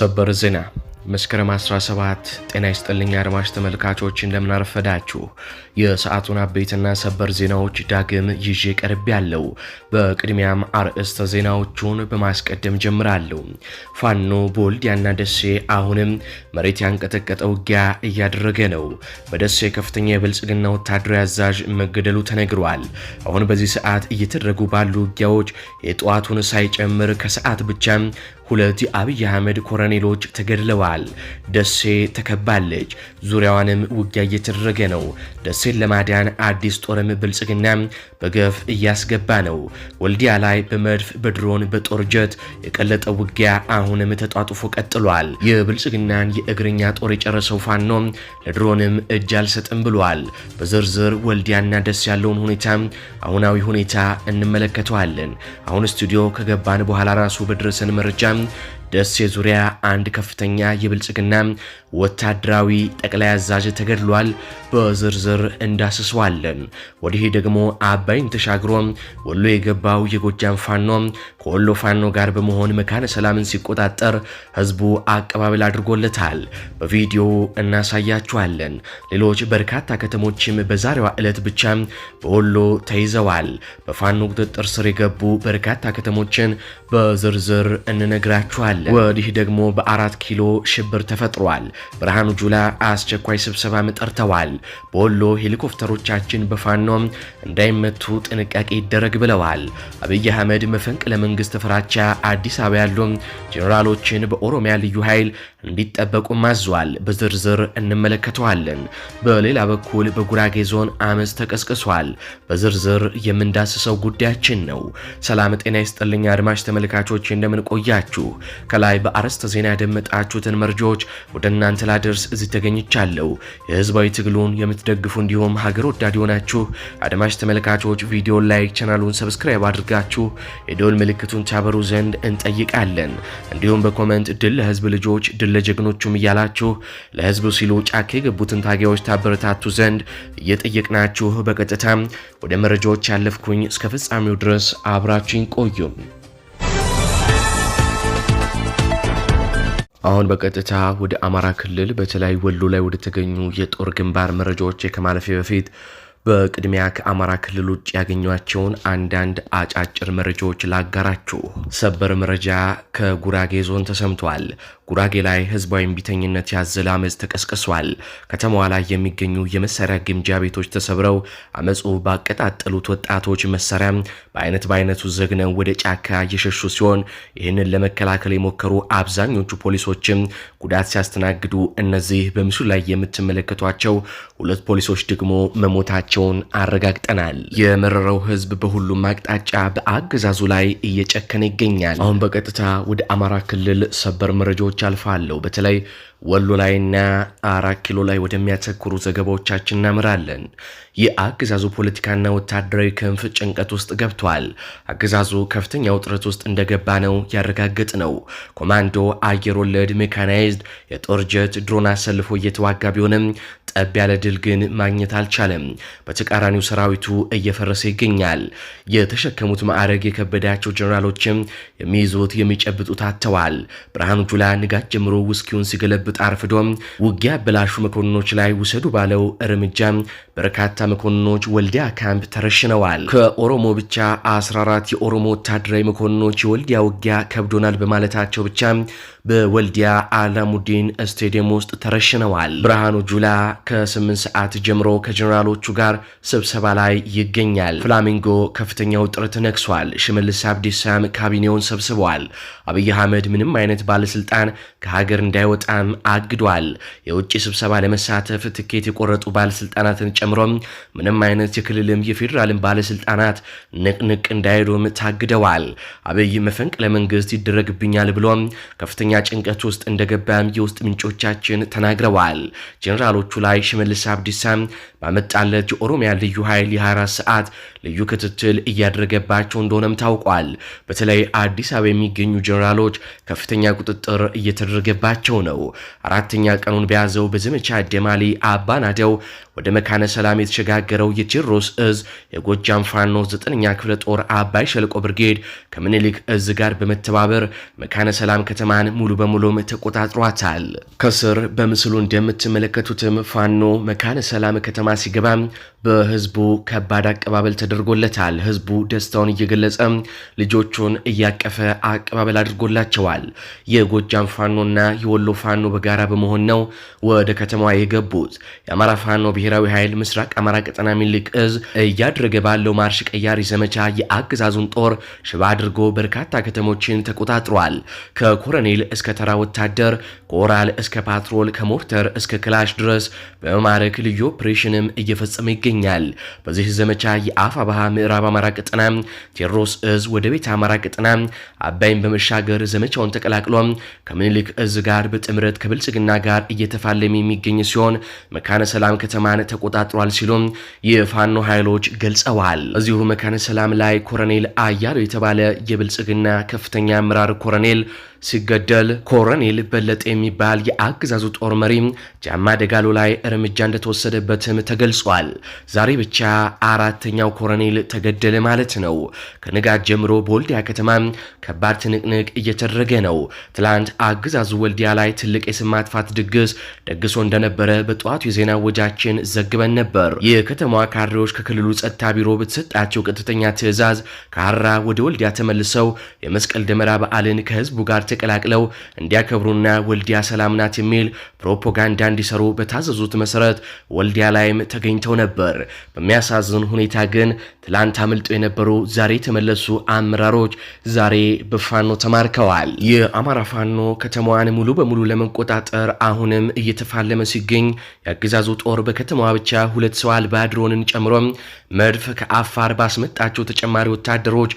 ሰበር ዜና መስከረም 17 ጤና ይስጥልኝ አድማጭ ተመልካቾች፣ እንደምናረፈዳችሁ የሰዓቱን አበይትና ሰበር ዜናዎች ዳግም ይዤ ቀርብ ያለው። በቅድሚያም አርዕስተ ዜናዎቹን በማስቀደም ጀምራለሁ። ፋኖ በወልዲያና ደሴ አሁንም መሬት ያንቀጠቀጠ ውጊያ እያደረገ ነው። በደሴ ከፍተኛ የብልጽግና ወታደራዊ አዛዥ መገደሉ ተነግሯል። አሁን በዚህ ሰዓት እየተደረጉ ባሉ ውጊያዎች የጠዋቱን ሳይጨምር ከሰዓት ብቻ ሁለት የአብይ አህመድ ኮረኔሎች ተገድለዋል። ደሴ ተከባለች። ዙሪያዋንም ውጊያ እየተደረገ ነው። ደሴን ለማዳን አዲስ ጦርም ብልጽግና በገፍ እያስገባ ነው። ወልዲያ ላይ በመድፍ በድሮን በጦር ጀት የቀለጠ ውጊያ አሁንም ተጧጡፎ ቀጥሏል። የብልጽግናን የእግረኛ ጦር የጨረሰው ፋኖ ለድሮንም እጅ አልሰጥም ብሏል። በዝርዝር ወልዲያና ደስ ያለውን ሁኔታ አሁናዊ ሁኔታ እንመለከተዋለን። አሁን ስቱዲዮ ከገባን በኋላ ራሱ በደረሰን መረጃ um, ደሴ ዙሪያ አንድ ከፍተኛ የብልጽግና ወታደራዊ ጠቅላይ አዛዥ ተገድሏል። በዝርዝር እንዳስሰዋለን። ወዲህ ደግሞ አባይን ተሻግሮ ወሎ የገባው የጎጃም ፋኖ ከወሎ ፋኖ ጋር በመሆን መካነ ሰላምን ሲቆጣጠር ህዝቡ አቀባበል አድርጎለታል። በቪዲዮ እናሳያችኋለን። ሌሎች በርካታ ከተሞችም በዛሬዋ ዕለት ብቻ በወሎ ተይዘዋል። በፋኖ ቁጥጥር ስር የገቡ በርካታ ከተሞችን በዝርዝር እንነግራችኋለን። እናያለን። ወዲህ ደግሞ በአራት ኪሎ ሽብር ተፈጥሯል። ብርሃኑ ጁላ አስቸኳይ ስብሰባም ጠርተዋል። በወሎ ሄሊኮፕተሮቻችን በፋኖ እንዳይመቱ ጥንቃቄ ይደረግ ብለዋል። አብይ አህመድ መፈንቅለ መንግስት ፍራቻ አዲስ አበባ ያሉ ጄኔራሎችን በኦሮሚያ ልዩ ኃይል እንዲጠበቁ ማዟል። በዝርዝር እንመለከተዋለን። በሌላ በኩል በጉራጌ ዞን አመፅ ተቀስቅሷል። በዝርዝር የምንዳስሰው ጉዳያችን ነው። ሰላም ጤና ይስጥልኝ አድማጭ ተመልካቾች እንደምንቆያችሁ ከላይ በአርዕስተ ዜና ያደመጣችሁትን መረጃዎች ወደ እናንተ ላደርስ እዚህ ተገኝቻለሁ። የህዝባዊ ትግሉን የምትደግፉ እንዲሁም ሀገር ወዳድ የሆናችሁ አድማጭ ተመልካቾች ቪዲዮ ላይክ፣ ቻናሉን ሰብስክራይብ አድርጋችሁ የደወል ምልክቱን ታበሩ ዘንድ እንጠይቃለን። እንዲሁም በኮመንት ድል ለህዝብ ልጆች ድል ለጀግኖቹም እያላችሁ ለህዝብ ሲሉ ጫካ የገቡትን ታጋዮች ታበረታቱ ዘንድ እየጠየቅናችሁ በቀጥታ ወደ መረጃዎች ያለፍኩኝ እስከ ፍጻሜው ድረስ አብራችኝ ቆዩም። አሁን በቀጥታ ወደ አማራ ክልል በተለይ ወሎ ላይ ወደ ተገኙ የጦር ግንባር መረጃዎች ከማለፌ በፊት በቅድሚያ ከአማራ ክልል ውጭ ያገኟቸውን አንዳንድ አጫጭር መረጃዎች ላጋራችሁ። ሰበር መረጃ ከጉራጌ ዞን ተሰምቷል። ጉራጌ ላይ ህዝባዊ እምቢተኝነት ያዘለ አመፅ ተቀስቅሷል። ከተማዋ ላይ የሚገኙ የመሳሪያ ግምጃ ቤቶች ተሰብረው አመፁ ባቀጣጠሉት ወጣቶች መሳሪያ በአይነት በአይነቱ ዘግነው ወደ ጫካ እየሸሹ ሲሆን ይህንን ለመከላከል የሞከሩ አብዛኞቹ ፖሊሶችም ጉዳት ሲያስተናግዱ፣ እነዚህ በምስሉ ላይ የምትመለከቷቸው ሁለት ፖሊሶች ደግሞ መሞታቸውን አረጋግጠናል። የመረረው ህዝብ በሁሉም አቅጣጫ በአገዛዙ ላይ እየጨከነ ይገኛል። አሁን በቀጥታ ወደ አማራ ክልል ሰበር መረጃዎች ዘገባዎች አልፋለሁ። በተለይ ወሎ ላይና አራት ኪሎ ላይ ወደሚያተኩሩ ዘገባዎቻችን እናምራለን። የአገዛዙ ፖለቲካና ወታደራዊ ክንፍ ጭንቀት ውስጥ ገብቷል። አገዛዙ ከፍተኛ ውጥረት ውስጥ እንደገባ ነው ያረጋገጥ ነው። ኮማንዶ፣ አየር ወለድ፣ ሜካናይዝድ፣ የጦር ጀት፣ ድሮን አሰልፎ እየተዋጋ ቢሆንም ጠብ ያለ ድል ግን ማግኘት አልቻለም። በተቃራኒው ሰራዊቱ እየፈረሰ ይገኛል። የተሸከሙት ማዕረግ የከበዳቸው ጀኔራሎችም የሚይዙት የሚጨብጡት አጥተዋል። ብርሃኑ ጁላ ከንጋት ጀምሮ ውስኪውን ሲገለብጥ አርፍዶ ውጊያ በላሹ መኮንኖች ላይ ውሰዱ ባለው እርምጃ በርካታ መኮንኖች ወልዲያ ካምፕ ተረሽነዋል። ከኦሮሞ ብቻ 14 የኦሮሞ ወታደራዊ መኮንኖች የወልዲያ ውጊያ ከብዶናል በማለታቸው ብቻ በወልዲያ አላሙዲን ስቴዲየም ውስጥ ተረሽነዋል። ብርሃኑ ጁላ ከ8 ሰዓት ጀምሮ ከጀኔራሎቹ ጋር ስብሰባ ላይ ይገኛል። ፍላሚንጎ ከፍተኛ ውጥረት ነግሷል። ሽመልስ አብዲሳም ካቢኔውን ሰብስበዋል። አብይ አህመድ ምንም አይነት ባለስልጣን ከሀገር እንዳይወጣም አግዷል። የውጭ ስብሰባ ለመሳተፍ ትኬት የቆረጡ ባለስልጣናትን ጨምሮም ምንም አይነት የክልልም የፌዴራልም ባለስልጣናት ንቅንቅ እንዳይሉም ታግደዋል። አብይ መፈንቅለ መንግስት ይደረግብኛል ብሎም ከፍተኛ ከፍተኛ ጭንቀት ውስጥ እንደገባም የውስጥ ምንጮቻችን ተናግረዋል። ጀኔራሎቹ ላይ ሽመልስ አብዲሳ ባመጣለት የኦሮሚያ ልዩ ኃይል የ24 ሰዓት ልዩ ክትትል እያደረገባቸው እንደሆነም ታውቋል። በተለይ አዲስ አበባ የሚገኙ ጀኔራሎች ከፍተኛ ቁጥጥር እየተደረገባቸው ነው። አራተኛ ቀኑን በያዘው በዘመቻ ደማሊ አባናደው ወደ መካነ ሰላም የተሸጋገረው የቴዎድሮስ እዝ የጎጃም ፋኖ ዘጠነኛ ክፍለ ጦር አባይ ሸለቆ ብርጌድ ከምኒልክ እዝ ጋር በመተባበር መካነ ሰላም ከተማን ሙሉ በሙሉም ተቆጣጥሯታል። ከስር በምስሉ እንደምትመለከቱትም ፋኖ መካነ ሰላም ከተማ ከተማ ሲገባ በህዝቡ ከባድ አቀባበል ተደርጎለታል። ህዝቡ ደስታውን እየገለጸ ልጆቹን እያቀፈ አቀባበል አድርጎላቸዋል። የጎጃም ፋኖና የወሎ ፋኖ በጋራ በመሆን ነው ወደ ከተማዋ የገቡት። የአማራ ፋኖ ብሔራዊ ኃይል ምስራቅ አማራ ቀጠና ሚኒልክ እዝ እያደረገ ባለው ማርሽ ቀያሪ ዘመቻ የአገዛዙን ጦር ሽባ አድርጎ በርካታ ከተሞችን ተቆጣጥሯል። ከኮረኔል እስከ ተራ ወታደር፣ ከኦራል እስከ ፓትሮል፣ ከሞርተር እስከ ክላሽ ድረስ በመማረክ ልዩ ኦፕሬሽን ተግባራትንም እየፈጸመ ይገኛል። በዚህ ዘመቻ የአፋባሃ ምዕራብ አማራ ቅጥና ቴዎድሮስ እዝ ወደ ቤተ አማራ ቅጥና አባይን በመሻገር ዘመቻውን ተቀላቅሎ ከምኒልክ እዝ ጋር በጥምረት ከብልጽግና ጋር እየተፋለመ የሚገኝ ሲሆን መካነ ሰላም ከተማን ተቆጣጥሯል ሲሉም የፋኖ ኃይሎች ገልጸዋል። እዚሁ መካነ ሰላም ላይ ኮረኔል አያሉ የተባለ የብልጽግና ከፍተኛ አመራር ኮረኔል ሲገደል ኮረኔል በለጠ የሚባል የአገዛዙ ጦር መሪ ጃማ ደጋሎ ላይ እርምጃ እንደተወሰደበትም ተገልጿል። ዛሬ ብቻ አራተኛው ኮረኔል ተገደለ ማለት ነው። ከንጋት ጀምሮ በወልዲያ ከተማ ከባድ ትንቅንቅ እየተደረገ ነው። ትላንት አገዛዙ ወልዲያ ላይ ትልቅ የስም ማጥፋት ድግስ ደግሶ እንደነበረ በጠዋቱ የዜና ወጃችን ዘግበን ነበር። የከተማዋ ካድሬዎች ከክልሉ ጸጥታ ቢሮ በተሰጣቸው ቀጥተኛ ትዕዛዝ ከሀራ ወደ ወልዲያ ተመልሰው የመስቀል ደመራ በዓልን ከህዝቡ ጋር ተቀላቅለው እንዲያከብሩና ወልዲያ ሰላም ናት የሚል ፕሮፓጋንዳ እንዲሰሩ በታዘዙት መሰረት ወልዲያ ላይም ተገኝተው ነበር። በሚያሳዝን ሁኔታ ግን ትላንት አምልጦ የነበሩ ዛሬ የተመለሱ አመራሮች ዛሬ በፋኖ ተማርከዋል። የአማራ ፋኖ ከተማዋን ሙሉ በሙሉ ለመቆጣጠር አሁንም እየተፋለመ ሲገኝ የአገዛዙ ጦር በከተማዋ ብቻ ሁለት ሰው አልባ ድሮንን ጨምሮ መድፍ ከአፋር ባስመጣቸው ተጨማሪ ወታደሮች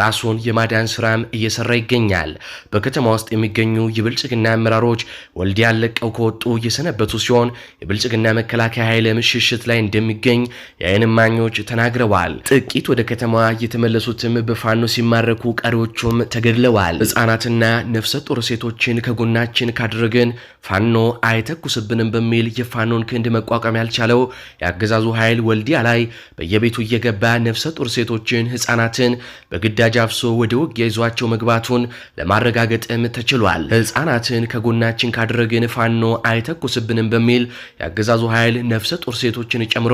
ራሱን የማዳን ስራም እየሰራ ይገኛል። በከተማ ውስጥ የሚገኙ የብልጽግና አመራሮች ወልዲያን ለቀው ከወጡ እየሰነበቱ ሲሆን የብልጽግና መከላከያ ኃይልም ሽሽት ላይ እንደሚገኝ የአይን እማኞች ተናግረዋል። ጥቂት ወደ ከተማዋ የተመለሱትም በፋኖ ሲማረኩ፣ ቀሪዎቹም ተገድለዋል። ሕጻናትና ነፍሰ ጡር ሴቶችን ከጎናችን ካደረግን ፋኖ አይተኩስብንም በሚል የፋኖን ክንድ መቋቋም ያልቻለው የአገዛዙ ኃይል ወልዲያ ላይ በየቤቱ እየገባ ነፍሰ ጡር ሴቶችን፣ ህጻናትን በግድ ግዳጅ አፍሶ ወደ ውጊያ ይዟቸው መግባቱን ለማረጋገጥም ተችሏል። ህጻናትን ከጎናችን ካደረግን ፋኖ አይተኩስብንም በሚል የአገዛዙ ኃይል ነፍሰ ጡር ሴቶችን ጨምሮ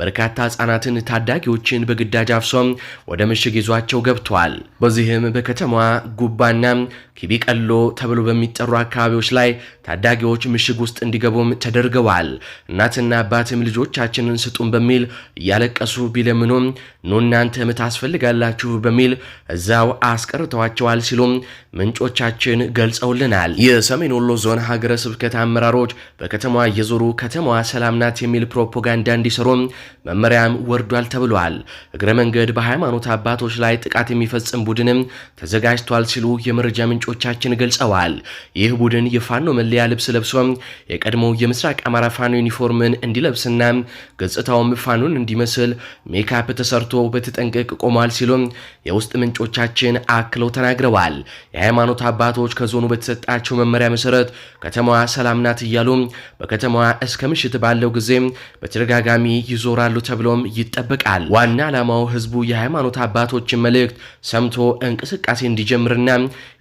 በርካታ ህጻናትን፣ ታዳጊዎችን በግዳጅ አፍሶ ወደ ምሽግ ይዟቸው ገብቷል። በዚህም በከተማ ጉባና ኪቢቀሎ ተብሎ በሚጠሩ አካባቢዎች ላይ ታዳጊዎች ምሽግ ውስጥ እንዲገቡም ተደርገዋል። እናትና አባትም ልጆቻችንን ስጡን በሚል እያለቀሱ ቢለምኑም ኑ እናንተ አስፈልጋላችሁ በሚል እዛው አስቀርተዋቸዋል ሲሉም ምንጮቻችን ገልጸውልናል። የሰሜን ወሎ ዞን ሀገረ ስብከት አመራሮች በከተማዋ እየዞሩ ከተማዋ ሰላም ናት የሚል ፕሮፓጋንዳ እንዲሰሩም መመሪያም ወርዷል ተብሏል። እግረ መንገድ በሃይማኖት አባቶች ላይ ጥቃት የሚፈጽም ቡድንም ተዘጋጅቷል ሲሉ የመረጃ ምንጮ ምንጮቻችን ገልጸዋል። ይህ ቡድን የፋኖ መለያ ልብስ ለብሶ የቀድሞው የምስራቅ አማራ ፋኖ ዩኒፎርምን እንዲለብስና ገጽታውም ፋኖን እንዲመስል ሜካፕ ተሰርቶ በተጠንቀቅ ቆሟል ሲሉ የውስጥ ምንጮቻችን አክለው ተናግረዋል። የሃይማኖት አባቶች ከዞኑ በተሰጣቸው መመሪያ መሰረት ከተማዋ ሰላም ናት እያሉ በከተማዋ እስከ ምሽት ባለው ጊዜ በተደጋጋሚ ይዞራሉ ተብሎም ይጠበቃል። ዋና ዓላማው ህዝቡ የሃይማኖት አባቶችን መልእክት ሰምቶ እንቅስቃሴ እንዲጀምርና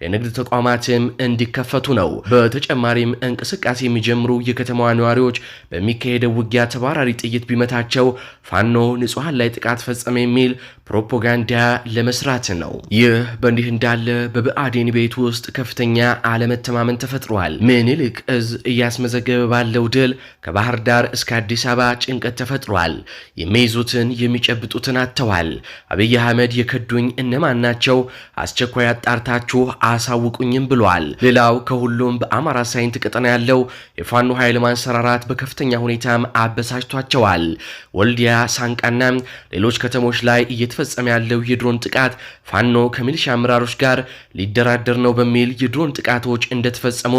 የንግድ ተቋማትም እንዲከፈቱ ነው። በተጨማሪም እንቅስቃሴ የሚጀምሩ የከተማዋ ነዋሪዎች በሚካሄደው ውጊያ ተባራሪ ጥይት ቢመታቸው ፋኖ ንጹሐን ላይ ጥቃት ፈጸመ የሚል ፕሮፓጋንዳ ለመስራት ነው። ይህ በእንዲህ እንዳለ በብአዴን ቤት ውስጥ ከፍተኛ አለመተማመን ተፈጥሯል። ምኒልክ እዝ እያስመዘገበ ባለው ድል ከባህር ዳር እስከ አዲስ አበባ ጭንቀት ተፈጥሯል። የሚይዙትን የሚጨብጡትን አጥተዋል። አብይ አህመድ የከዱኝ እነማን ናቸው? አስቸኳይ አጣርታችሁ አሳ አያሳውቁኝም ብሏል። ሌላው ከሁሉም በአማራ ሳይንት ቀጠና ያለው የፋኖ ኃይል ማንሰራራት በከፍተኛ ሁኔታም አበሳጭቷቸዋል። ወልዲያ፣ ሳንቃና ሌሎች ከተሞች ላይ እየተፈጸመ ያለው የድሮን ጥቃት ፋኖ ከሚሊሻ አመራሮች ጋር ሊደራደር ነው በሚል የድሮን ጥቃቶች እንደተፈጸሙ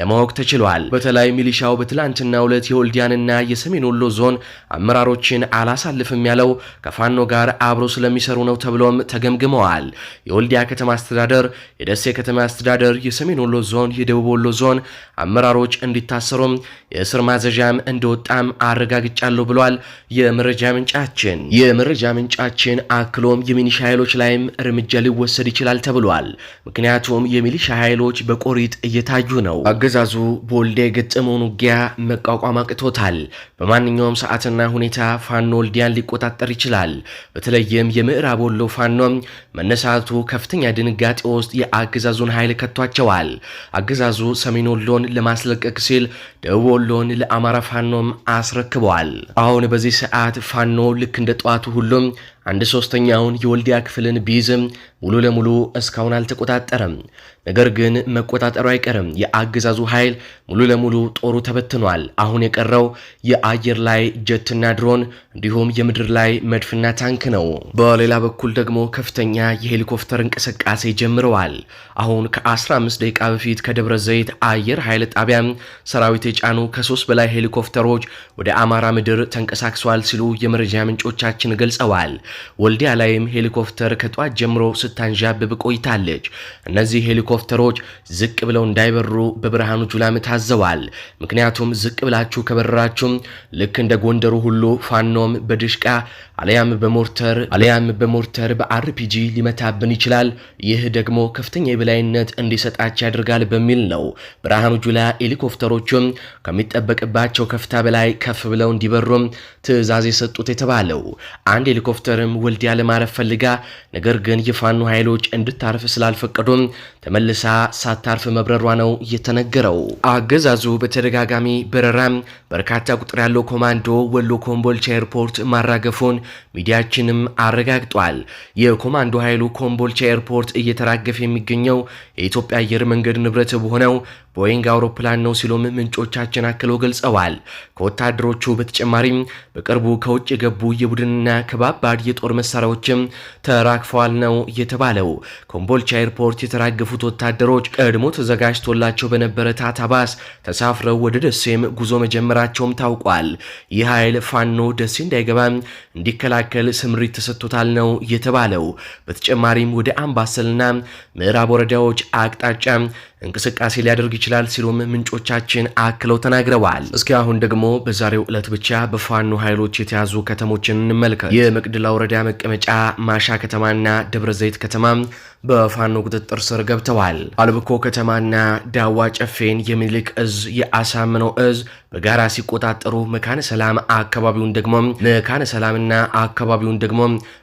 ለማወቅ ተችሏል። በተለይ ሚሊሻው በትላንትና ሁለት የወልዲያንና የሰሜን ወሎ ዞን አመራሮችን አላሳልፍም ያለው ከፋኖ ጋር አብሮ ስለሚሰሩ ነው ተብሎም ተገምግመዋል። የወልዲያ ከተማ አስተዳደር፣ የደሴ ከተማ ከተማ አስተዳደር የሰሜን ወሎ ዞን፣ የደቡብ ወሎ ዞን አመራሮች እንዲታሰሩም የእስር ማዘዣም እንደወጣም አረጋግጫለሁ ብሏል የመረጃ ምንጫችን። የመረጃ ምንጫችን አክሎም የሚኒሻ ኃይሎች ላይም እርምጃ ሊወሰድ ይችላል ተብሏል። ምክንያቱም የሚሊሻ ኃይሎች በቆሪጥ እየታዩ ነው። አገዛዙ በወልዲያ የገጠመውን ውጊያ መቋቋም አቅቶታል። በማንኛውም ሰዓትና ሁኔታ ፋኖ ወልዲያን ሊቆጣጠር ይችላል። በተለይም የምዕራብ ወሎ ፋኖ መነሳቱ ከፍተኛ ድንጋጤ ውስጥ የአገዛዙን የራሱን ኃይል ከቷቸዋል። አገዛዙ ሰሜን ወሎን ለማስለቀቅ ሲል ደቡብ ወሎን ለአማራ ፋኖም አስረክበዋል። አሁን በዚህ ሰዓት ፋኖ ልክ እንደ ጠዋቱ ሁሉም አንድ ሶስተኛውን የወልዲያ ክፍልን ቢይዝም ሙሉ ለሙሉ እስካሁን አልተቆጣጠረም። ነገር ግን መቆጣጠሩ አይቀርም። የአገዛዙ ኃይል ሙሉ ለሙሉ ጦሩ ተበትኗል። አሁን የቀረው የአየር ላይ ጀትና ድሮን እንዲሁም የምድር ላይ መድፍና ታንክ ነው። በሌላ በኩል ደግሞ ከፍተኛ የሄሊኮፕተር እንቅስቃሴ ጀምረዋል። አሁን ከ15 ደቂቃ በፊት ከደብረ ዘይት አየር ኃይል ጣቢያ ሰራዊት የጫኑ ከሶስት በላይ ሄሊኮፕተሮች ወደ አማራ ምድር ተንቀሳቅሰዋል ሲሉ የመረጃ ምንጮቻችን ገልጸዋል። ወልዲያ ላይም ሄሊኮፕተር ከጧት ጀምሮ ስታንዣብብ ቆይታለች። እነዚህ ሄሊኮፕተሮች ዝቅ ብለው እንዳይበሩ በብርሃኑ ጁላም ታዘዋል። ምክንያቱም ዝቅ ብላችሁ ከበራችሁም ልክ እንደ ጎንደሩ ሁሉ ፋኖም በድሽቃ አለያም በሞርተር አለያም በሞርተር በአርፒጂ ሊመታብን ይችላል። ይህ ደግሞ ከፍተኛ የበላይነት እንዲሰጣች ያደርጋል በሚል ነው ብርሃኑ ጁላ ሄሊኮፕተሮቹም ከሚጠበቅባቸው ከፍታ በላይ ከፍ ብለው እንዲበሩም ትዕዛዝ የሰጡት የተባለው አንድ ሄሊኮፕተር ዶክተርም ወልዲያ ለማረፍ ፈልጋ ነገር ግን የፋኖ ኃይሎች እንድታርፍ ስላልፈቀዱም ተመልሳ ሳታርፍ መብረሯ ነው የተነገረው። አገዛዙ በተደጋጋሚ በረራም በርካታ ቁጥር ያለው ኮማንዶ ወሎ ኮምቦልቻ ኤርፖርት ማራገፉን ሚዲያችንም አረጋግጧል። የኮማንዶ ኃይሉ ኮምቦልቻ ኤርፖርት እየተራገፈ የሚገኘው የኢትዮጵያ አየር መንገድ ንብረት በሆነው ቦይንግ አውሮፕላን ነው ሲሉም ምንጮቻችን አክለው ገልጸዋል። ከወታደሮቹ በተጨማሪም በቅርቡ ከውጭ የገቡ የቡድንና ከባባድ የጦር መሳሪያዎችም ተራክፈዋል ነው የተባለው። ኮምቦልቻ ኤርፖርት የተራገፉ የገቡት ወታደሮች ቀድሞ ተዘጋጅቶላቸው በነበረ ታታባስ ተሳፍረው ወደ ደሴም ጉዞ መጀመራቸውም ታውቋል። ይህ ኃይል ፋኖ ደሴ እንዳይገባም እንዲከላከል ስምሪት ተሰጥቶታል ነው የተባለው። በተጨማሪም ወደ አምባሰልና ምዕራብ ወረዳዎች አቅጣጫ እንቅስቃሴ ሊያደርግ ይችላል ሲሉም ምንጮቻችን አክለው ተናግረዋል። እስኪ አሁን ደግሞ በዛሬው ዕለት ብቻ በፋኖ ኃይሎች የተያዙ ከተሞችን እንመልከት። የመቅደላ ወረዳ መቀመጫ ማሻ ከተማና ደብረ ዘይት ከተማ በፋኖ ቁጥጥር ስር ገብተዋል። አልብኮ ከተማና ዳዋ ጨፌን የሚልክ እዝ የአሳምነው እዝ በጋራ ሲቆጣጠሩ፣ መካነ ሰላም አካባቢውን ደግሞ መካነ ሰላምና አካባቢውን ደግሞ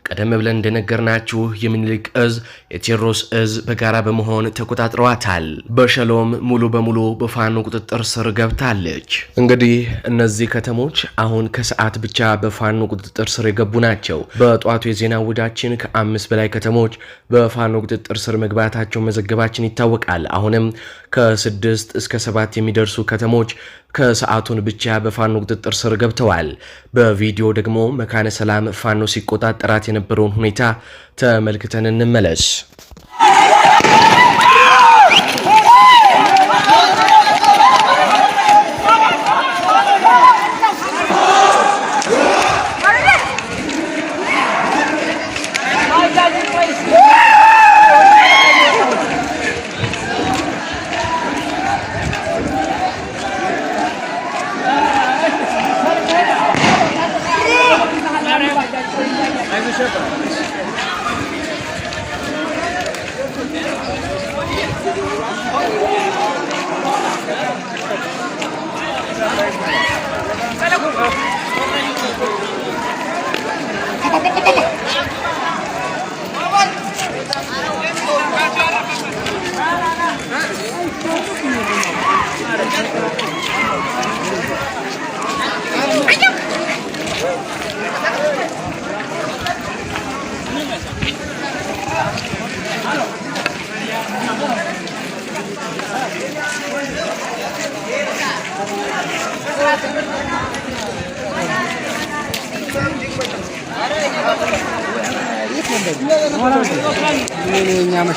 ቀደም ብለን እንደነገርናችሁ የሚኒሊክ እዝ የቴዎድሮስ እዝ በጋራ በመሆን ተቆጣጥረዋታል። በሸሎም ሙሉ በሙሉ በፋኖ ቁጥጥር ስር ገብታለች። እንግዲህ እነዚህ ከተሞች አሁን ከሰዓት ብቻ በፋኖ ቁጥጥር ስር የገቡ ናቸው። በጠዋቱ የዜና ውዳችን ከአምስት በላይ ከተሞች በፋኖ ቁጥጥር ስር መግባታቸው መዘገባችን ይታወቃል። አሁንም ከስድስት እስከ ሰባት የሚደርሱ ከተሞች ከሰዓቱን ብቻ በፋኖ ቁጥጥር ስር ገብተዋል። በቪዲዮ ደግሞ መካነ ሰላም ፋኖ ሲቆጣጠራት የነበረውን ሁኔታ ተመልክተን እንመለስ።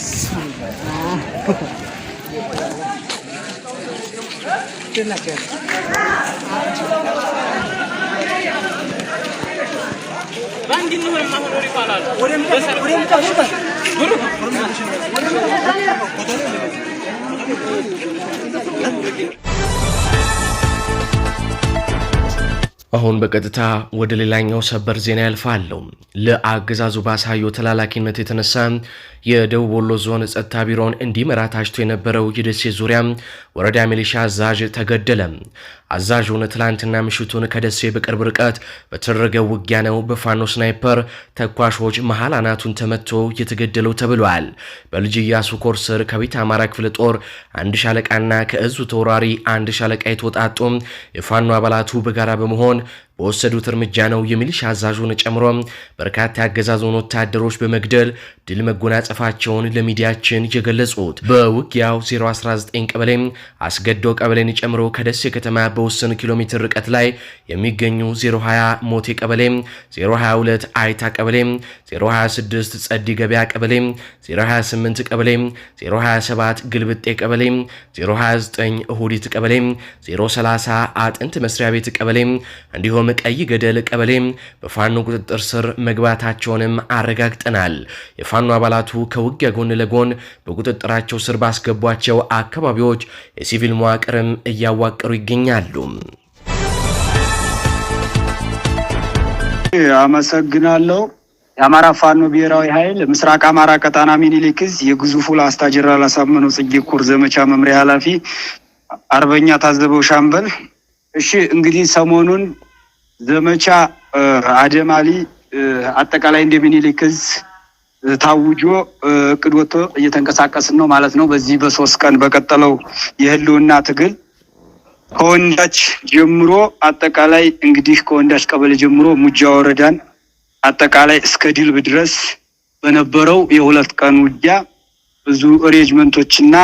you. Ah. አሁን በቀጥታ ወደ ሌላኛው ሰበር ዜና ያልፋለሁ። ለአገዛዙ ባሳየው ተላላኪነት የተነሳ የደቡብ ወሎ ዞን ጸጥታ ቢሮውን እንዲመራ ታጭቶ የነበረው የደሴ ዙሪያ ወረዳ ሚሊሻ አዛዥ ተገደለ። አዛዡን ትላንትና ምሽቱን ከደሴ በቅርብ ርቀት በተደረገ ውጊያ ነው በፋኖ ስናይፐር ተኳሾች መሃል አናቱን ተመቶ የተገደለው ተብሏል። በልጅ እያሱ ኮር ስር ከቤተ አማራ ክፍለ ጦር አንድ ሻለቃና ከእዙ ተወራሪ አንድ ሻለቃ የተወጣጡ የፋኖ አባላቱ በጋራ በመሆን on በወሰዱት እርምጃ ነው የሚሊሻ አዛዡን ጨምሮ በርካታ ያገዛዙን ወታደሮች በመግደል ድል መጎናጸፋቸውን ለሚዲያችን የገለጹት። በውጊያው 019 ቀበሌ አስገዶ ቀበሌን ጨምሮ ከደሴ ከተማ በውስን ኪሎ ሜትር ርቀት ላይ የሚገኙ 020 ሞቴ ቀበሌ፣ 022 አይታ ቀበሌ፣ 026 ጸዲ ገበያ ቀበሌ፣ 028 ቀበሌ፣ 027 ግልብጤ ቀበሌ፣ 029 እሁዲት ቀበሌ፣ 030 አጥንት መስሪያ ቤት ቀበሌ እንዲሁም ቀይ ገደል ቀበሌ በፋኖ ቁጥጥር ስር መግባታቸውንም አረጋግጠናል። የፋኖ አባላቱ ከውጊያ ጎን ለጎን በቁጥጥራቸው ስር ባስገቧቸው አካባቢዎች የሲቪል መዋቅርም እያዋቀሩ ይገኛሉ። አመሰግናለሁ። የአማራ ፋኖ ብሔራዊ ኃይል ምስራቅ አማራ ቀጣና ሚኒሊክዝ የግዙፉ ላስታ ጀነራል አሳምነው ጽጌ ኮር ዘመቻ መምሪያ ኃላፊ አርበኛ ታዘበው ሻምበል። እሺ እንግዲህ ሰሞኑን ዘመቻ አደማሊ አጠቃላይ እንደ ሚኒሊክ እዝ ታውጆ እቅድ ወጥቶ እየተንቀሳቀስን ነው ማለት ነው። በዚህ በሶስት ቀን በቀጠለው የህልውና ትግል ከወንዳች ጀምሮ አጠቃላይ እንግዲህ ከወንዳች ቀበሌ ጀምሮ ሙጃ ወረዳን አጠቃላይ እስከ ድልብ ድረስ በነበረው የሁለት ቀን ውጊያ ብዙ ሬጅመንቶችና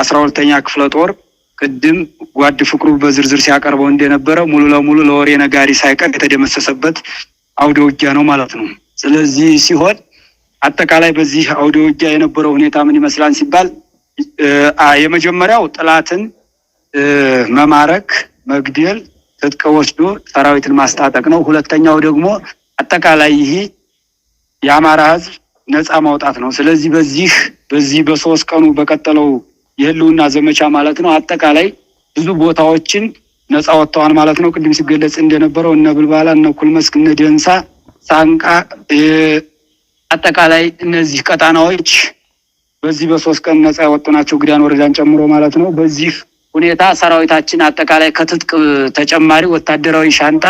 አስራ ሁለተኛ ክፍለ ጦር ቅድም ጓድ ፍቅሩ በዝርዝር ሲያቀርበው እንደነበረ ሙሉ ለሙሉ ለወሬ ነጋሪ ሳይቀር የተደመሰሰበት አውደ ውጊያ ነው ማለት ነው። ስለዚህ ሲሆን አጠቃላይ በዚህ አውደ ውጊያ የነበረው ሁኔታ ምን ይመስላል ሲባል የመጀመሪያው ጠላትን መማረክ፣ መግደል፣ ትጥቅ ወስዶ ሰራዊትን ማስታጠቅ ነው። ሁለተኛው ደግሞ አጠቃላይ ይህ የአማራ ህዝብ ነፃ ማውጣት ነው። ስለዚህ በዚህ በዚህ በሶስት ቀኑ በቀጠለው የህልውና ዘመቻ ማለት ነው። አጠቃላይ ብዙ ቦታዎችን ነፃ ወጥተዋል ማለት ነው። ቅድም ሲገለጽ እንደነበረው እነ ብልባላ፣ እነ ኩልመስክ፣ እነ ደንሳ፣ ሳንቃ አጠቃላይ እነዚህ ቀጣናዎች በዚህ በሶስት ቀን ነፃ ያወጡ ናቸው፣ ግዳን ወረዳን ጨምሮ ማለት ነው። በዚህ ሁኔታ ሰራዊታችን አጠቃላይ ከትጥቅ ተጨማሪ ወታደራዊ ሻንጣ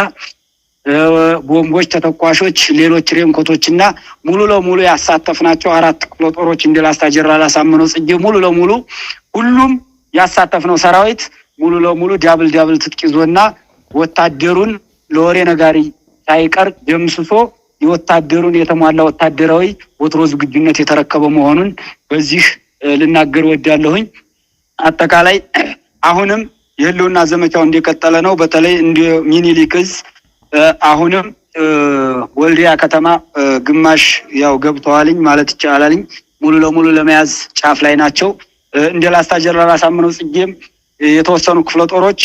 ቦምቦች፣ ተተኳሾች፣ ሌሎች ሬንኮቶች እና ሙሉ ለሙሉ ያሳተፍናቸው አራት ክፍለ ጦሮች እንደ ላስታ ጀነራል አሳምነው ጽጌ ሙሉ ለሙሉ ሁሉም ያሳተፍነው ሰራዊት ሙሉ ለሙሉ ዳብል ዳብል ትጥቅ ይዞና ወታደሩን ለወሬ ነጋሪ ሳይቀር ደምስሶ የወታደሩን የተሟላ ወታደራዊ ወትሮ ዝግጁነት የተረከበ መሆኑን በዚህ ልናገር ወዳለሁኝ። አጠቃላይ አሁንም የህልውና ዘመቻው እንደቀጠለ ነው። በተለይ እንደ ሚኒሊክ እዝ አሁንም ወልዲያ ከተማ ግማሽ ያው ገብተዋልኝ ማለት ይቻላልኝ ሙሉ ለሙሉ ለመያዝ ጫፍ ላይ ናቸው። እንደ ላስታ ጀነራል አሳምነው ጽጌም የተወሰኑ ክፍለ ጦሮች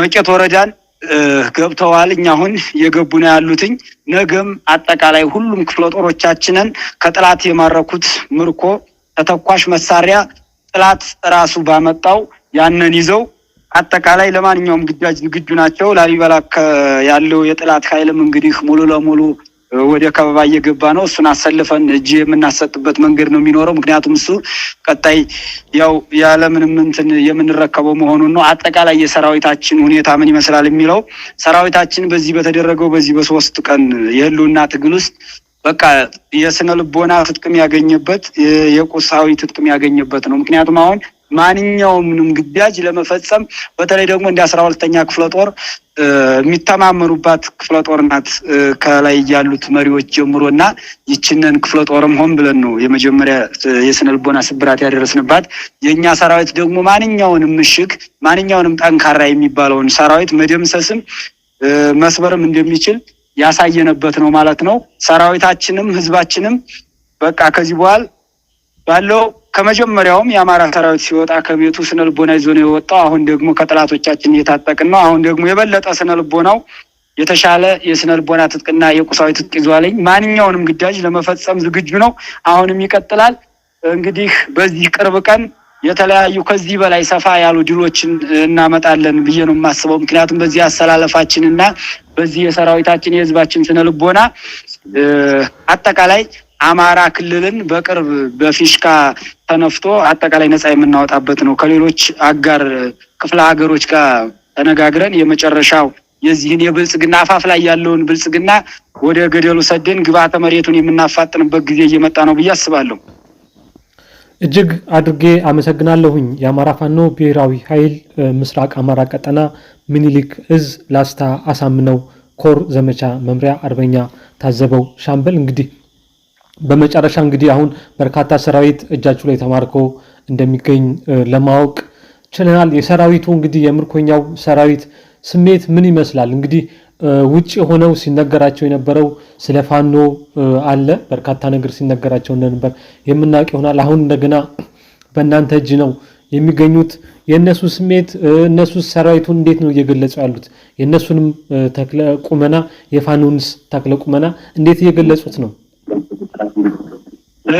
መቄት ወረዳን ገብተዋልኝ አሁን የገቡ ነው ያሉትኝ። ነገም አጠቃላይ ሁሉም ክፍለ ጦሮቻችንን ከጥላት የማረኩት ምርኮ ተተኳሽ መሳሪያ ጥላት ራሱ ባመጣው ያንን ይዘው አጠቃላይ ለማንኛውም ግዳጅ ዝግጁ ናቸው። ላሊበላ ያለው የጠላት ኃይልም እንግዲህ ሙሉ ለሙሉ ወደ ከበባ እየገባ ነው። እሱን አሰልፈን እጅ የምናሰጥበት መንገድ ነው የሚኖረው። ምክንያቱም እሱ ቀጣይ ያው ያለምንም እንትን የምንረከበው መሆኑን ነው። አጠቃላይ የሰራዊታችን ሁኔታ ምን ይመስላል የሚለው ሰራዊታችን በዚህ በተደረገው በዚህ በሶስት ቀን የህልውና ትግል ውስጥ በቃ የስነ ልቦና ትጥቅም ያገኘበት የቁሳዊ ትጥቅም ያገኘበት ነው። ምክንያቱም አሁን ማንኛውምንም ግዳጅ ለመፈጸም በተለይ ደግሞ እንደ አስራ ሁለተኛ ክፍለ ጦር የሚተማመኑባት ክፍለ ጦር ናት። ከላይ ያሉት መሪዎች ጀምሮ እና ይችንን ክፍለ ጦርም ሆን ብለን ነው የመጀመሪያ የስነ ልቦና ስብራት ያደረስንባት። የእኛ ሰራዊት ደግሞ ማንኛውንም ምሽግ ማንኛውንም ጠንካራ የሚባለውን ሰራዊት መደምሰስም መስበርም እንደሚችል ያሳየነበት ነው ማለት ነው። ሰራዊታችንም ህዝባችንም በቃ ከዚህ በኋላ ባለው ከመጀመሪያውም የአማራ ሰራዊት ሲወጣ ከቤቱ ስነልቦና ይዞ ነው የወጣው። አሁን ደግሞ ከጠላቶቻችን እየታጠቅን ነው። አሁን ደግሞ የበለጠ ስነልቦናው የተሻለ የስነልቦና ትጥቅና የቁሳዊ ትጥቅ ይዟለኝ ማንኛውንም ግዳጅ ለመፈጸም ዝግጁ ነው። አሁንም ይቀጥላል። እንግዲህ በዚህ ቅርብ ቀን የተለያዩ ከዚህ በላይ ሰፋ ያሉ ድሎችን እናመጣለን ብዬ ነው የማስበው። ምክንያቱም በዚህ አሰላለፋችን እና በዚህ የሰራዊታችን የህዝባችን ስነልቦና አጠቃላይ አማራ ክልልን በቅርብ በፊሽካ ተነፍቶ አጠቃላይ ነፃ የምናወጣበት ነው። ከሌሎች አጋር ክፍለ ሀገሮች ጋር ተነጋግረን የመጨረሻው የዚህን የብልጽግና አፋፍ ላይ ያለውን ብልጽግና ወደ ገደሉ ሰደን ግብዓተ መሬቱን የምናፋጥንበት ጊዜ እየመጣ ነው ብዬ አስባለሁ። እጅግ አድርጌ አመሰግናለሁኝ። የአማራ ፋኖ ብሔራዊ ኃይል ምስራቅ አማራ ቀጠና ምኒልክ እዝ ላስታ አሳምነው ኮር ዘመቻ መምሪያ አርበኛ ታዘበው ሻምበል እንግዲህ በመጨረሻ እንግዲህ አሁን በርካታ ሰራዊት እጃችሁ ላይ ተማርኮ እንደሚገኝ ለማወቅ ችለናል። የሰራዊቱ እንግዲህ የምርኮኛው ሰራዊት ስሜት ምን ይመስላል? እንግዲህ ውጭ ሆነው ሲነገራቸው የነበረው ስለ ፋኖ አለ በርካታ ነገር ሲነገራቸው እንደነበር የምናውቅ ይሆናል። አሁን እንደገና በእናንተ እጅ ነው የሚገኙት። የእነሱ ስሜት እነሱ ሰራዊቱን እንዴት ነው እየገለጹ ያሉት? የእነሱንም ተክለ ቁመና የፋኖንስ ተክለ ቁመና እንዴት እየገለጹት ነው?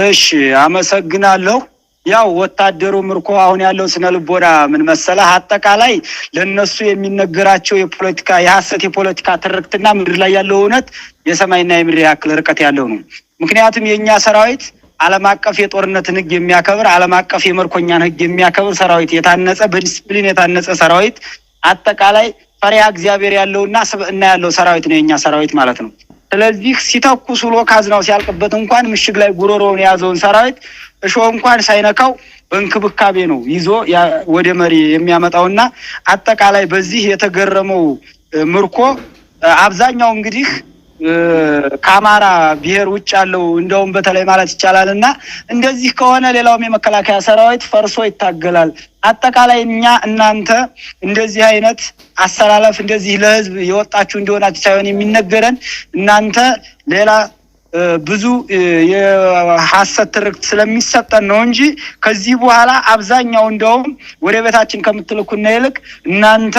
እሺ አመሰግናለሁ። ያው ወታደሩ ምርኮ አሁን ያለው ስነ ልቦና ምን መሰለህ፣ አጠቃላይ ለነሱ የሚነገራቸው የፖለቲካ የሀሰት የፖለቲካ ትርክትና ምድር ላይ ያለው እውነት የሰማይና የምድር ያክል ርቀት ያለው ነው። ምክንያቱም የእኛ ሰራዊት ዓለም አቀፍ የጦርነትን ህግ የሚያከብር ዓለም አቀፍ የመርኮኛን ህግ የሚያከብር ሰራዊት የታነጸ በዲስፕሊን የታነጸ ሰራዊት አጠቃላይ ፈሪሃ እግዚአብሔር ያለውና ስብዕና ያለው ሰራዊት ነው የእኛ ሰራዊት ማለት ነው። ስለዚህ ሲተኩስ ውሎ ካዝናው ሲያልቅበት እንኳን ምሽግ ላይ ጉሮሮውን የያዘውን ሰራዊት እሾህ እንኳን ሳይነካው በእንክብካቤ ነው ይዞ ወደ መሪ የሚያመጣው እና አጠቃላይ በዚህ የተገረመው ምርኮ አብዛኛው እንግዲህ ከአማራ ብሔር ውጭ ያለው እንደውም በተለይ ማለት ይቻላል እና እንደዚህ ከሆነ ሌላውም የመከላከያ ሰራዊት ፈርሶ ይታገላል። አጠቃላይ እኛ እናንተ እንደዚህ አይነት አሰላለፍ እንደዚህ ለህዝብ የወጣችሁ እንደሆናችሁ ሳይሆን የሚነገረን እናንተ ሌላ ብዙ የሐሰት ትርክት ስለሚሰጠን ነው እንጂ ከዚህ በኋላ አብዛኛው እንደውም ወደ ቤታችን ከምትልኩና ይልቅ እናንተ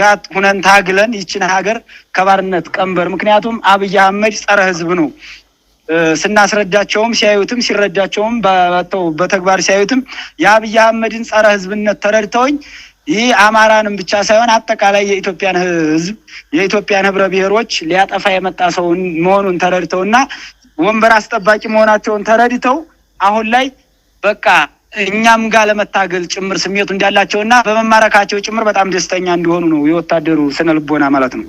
ጋር ሁነን ታግለን ይችን ሀገር ከባርነት ቀንበር ምክንያቱም አብይ አህመድ ጸረ ህዝብ ነው ስናስረዳቸውም ሲያዩትም ሲረዳቸውም በተግባር ሲያዩትም የአብይ አህመድን ጸረ ህዝብነት ተረድተውኝ ይህ አማራንም ብቻ ሳይሆን አጠቃላይ የኢትዮጵያን ህዝብ የኢትዮጵያን ህብረ ብሔሮች ሊያጠፋ የመጣ ሰው መሆኑን ተረድተውና ወንበር አስጠባቂ መሆናቸውን ተረድተው አሁን ላይ በቃ እኛም ጋር ለመታገል ጭምር ስሜቱ እንዳላቸውና በመማረካቸው ጭምር በጣም ደስተኛ እንዲሆኑ ነው የወታደሩ ስነልቦና ማለት ነው።